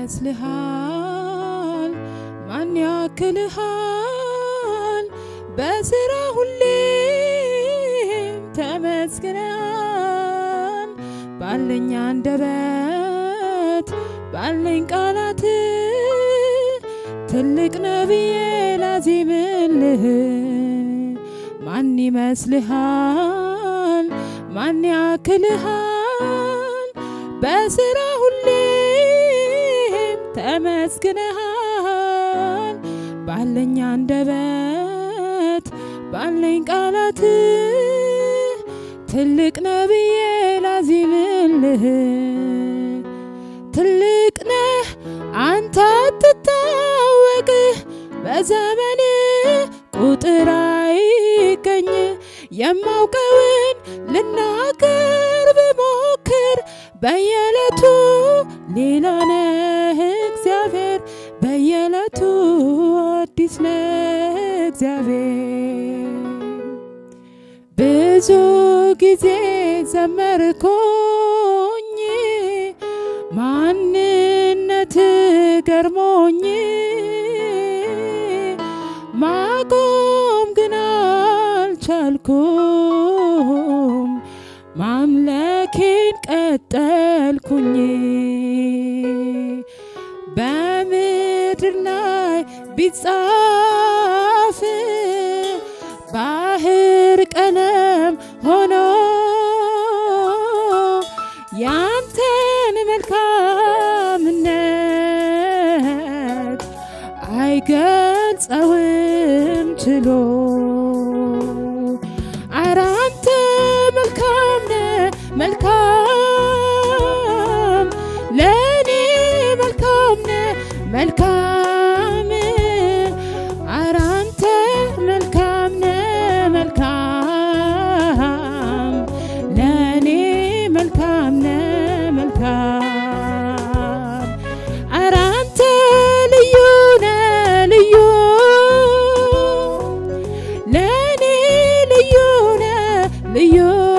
ይመስልሃል? ማን ያክልሃል? በስራ ሁሌም ተመስግነሃል። ባለኝ አንደበት ባለኝ ቃላት ትልቅ ነቢዬ ላዚምልህ። ማን ይመስልሃል? ማን ያክልሃል? በስራ አመስግንሃል ባለኝ አንደበት ባለኝ ቃላት ትልቅ ብዬ ላዚምልህ ትልቅ ነህ አንተ አትታወቅ በዘመን ቁጥር አይገኝ የማውቀውን ልናገር ብሞክር በየዕለቱ ሌላ ነው እግዚአብሔር ብዙ ጊዜ ዘመርኩኝ ማንነት ገርሞኝ ማቆም ግን አልቻልኩም ማምለኬን ቀጠልኩኝ በምድር ላይ ቢጻ ያንተን መልካምነት አይገልጸውም ችሎ አራንተ መልካምነ መልካም You.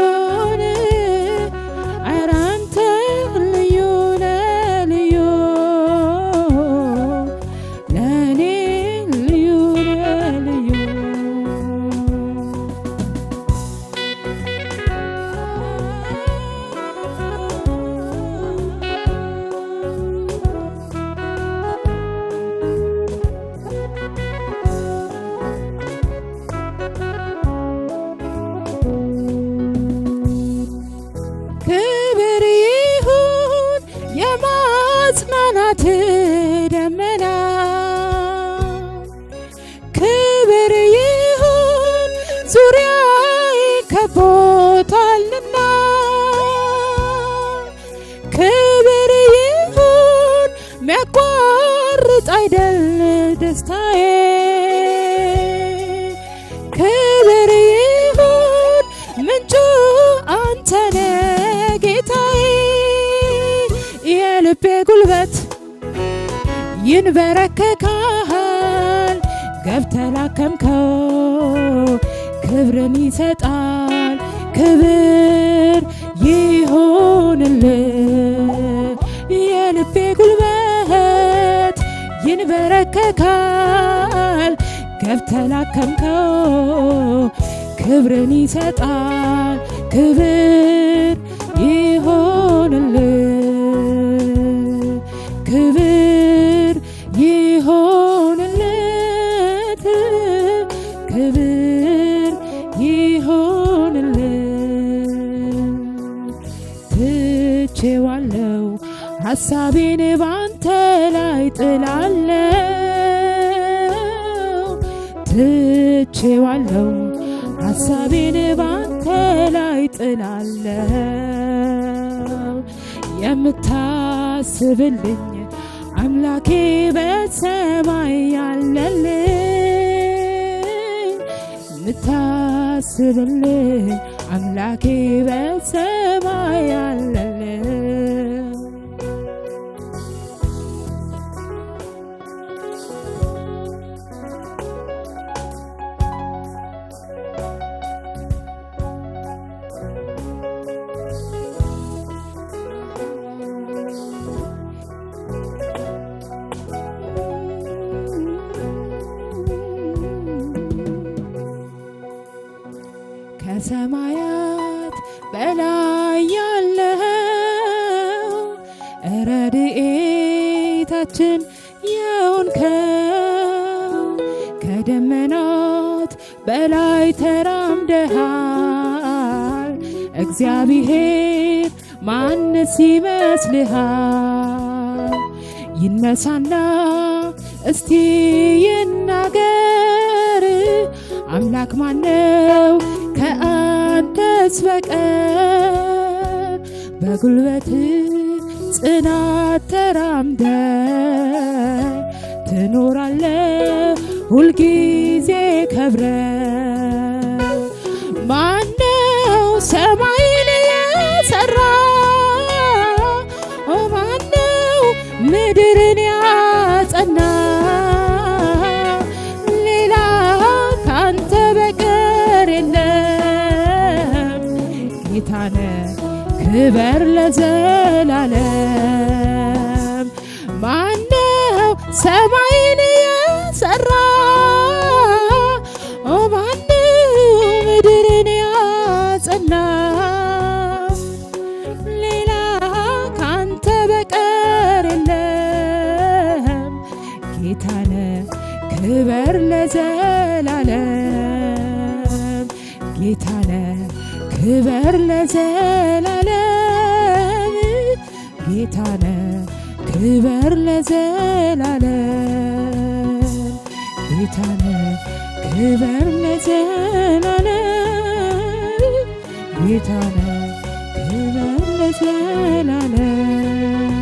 ዙሪያዬ ከቦታልና ክብር ይሁን ሚያቋርጥ አይደል ደስታዬ ክብር ይሁን ምንጩ አንተነ ጌታዬ የልቤ ጉልበት ይንበረከካል ገብተላከምከው ክብርን ይሰጣል። ክብር ይሆንል የልቤ ጉልበት ይንበረከካል። ገብተላከምከው ክብርን ይሰጣል። ክብር ይሆንልህ። ሐሳቤን ባንተ ላይ ጥላለው ትቼዋለው ሐሳቤን ባንተ ላይ ጥላለው የምታስብልኝ አምላኬ በሰማይ ያለልኝ የምታስብልኝ አምላኬ በሰማይ በላይ ያለው ረድኤታችን የሆንከው ከደመናት በላይ ተራምደሃል እግዚአብሔር ማንስ ይመስልሃል? ይነሳና እስቲ ይናገር አምላክ ማነው ከሞት በቀር በጉልበት ጽናት ተራምደ ትኖራለ ሁልጊዜ ከብረ ክበር ለዘላለም ማነው ሰማይን ያሰራ ማነው ምድርን ያጸና ሌላ ካንተ በቀር የለም ጌታነ ክበር ለዘላለም ጌታነ ክበር ለዘላለም ነ ክበር ለዘላለም ጌታነ ክበር ለዘላለም ጌታነ ክበር ለዘላለም